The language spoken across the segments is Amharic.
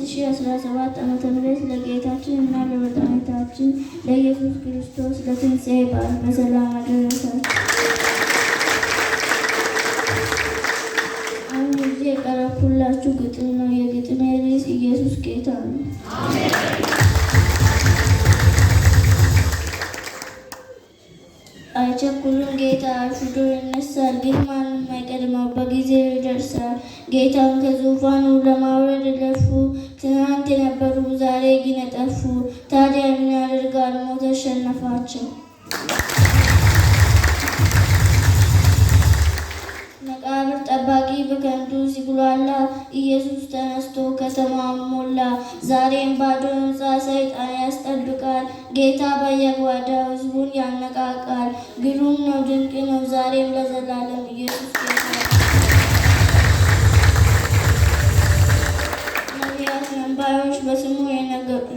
2017 ዓ.ም ለጌታችን እና ለመድኃኒታችን ለኢየሱስ ክርስቶስ ለትንሣኤ በዓል በሰላም አደረሳችሁ። አሁን ጊዜ የቀረብኩላችሁ ግጥም ነው። የግጥሜ ርዕስ ኢየሱስ ጌታ ነው። አይቸኩልም ጌታ አርፍዶ ይነሳል፣ ግን ማንም አይቀድመው፣ በጊዜው ይደርሳል። ጌታውን ከዙፋኑ ያደርጋል ሞት ያሸነፋቸው። መቃብር ጠባቂ በከንቱ ሲጉላላ ኢየሱስ ተነስቶ ከተማም ሞላ። ዛሬም ባዶ ሕንጻ ሰይጣን ያስጠብቃል። ጌታ በየጓዳው ሕዝቡን ያነቃቃል። ግሩም ነው ድንቅ ነው ዛሬም ለዘላለም ኢየሱስ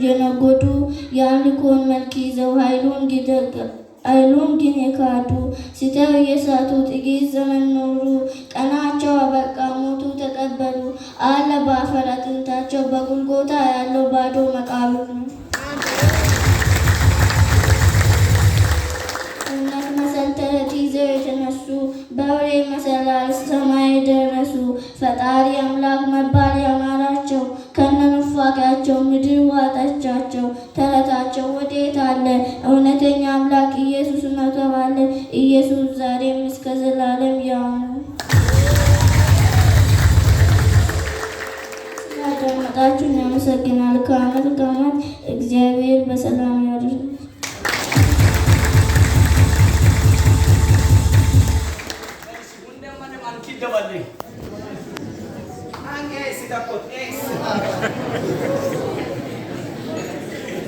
የነጎዱ የአምልኮን መልክ ይዘው ኃይሉን አይሉም ግን የካዱ ሲተው የሳቱ ጥቂት ዘመን ኖሩ። ቀናቸው አበቃ ሞቱ ተቀበሉ። አለ በአፈር አጥንታቸው በጎልጎታ ያለው ባዶ መቃብር ነው። በአውሬ መሰላል ሰማይ ደረሱ። ፈጣሪ አምላክ መባል ያማራቸው ከነ ምድር ዋጠቻቸው። ተረታቸው ወዴት አለ? እውነተኛ አምላክ ኢየሱስ ነው ተባለ። ኢየሱስ ዛሬም እስከ ዘላለም ያው ነው። ስላዳመጣችሁ እናመሰግናል። ከአመት ከአመት እግዚአብሔር በሰላም ያድርግ። Anki Dabadi. Ange esi dakot esi.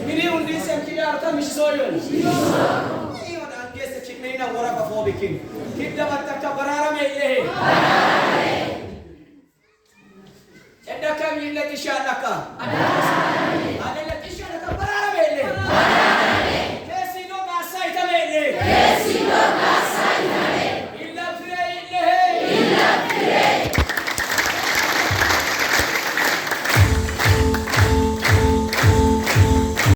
Mini undi sen kili arka mişsoyun. Iyo da ange esi kimini na vora kafo bikin. Kid dabat takka barara me yehi. Barara me. Edda kam yillati şanaka. Adakasa.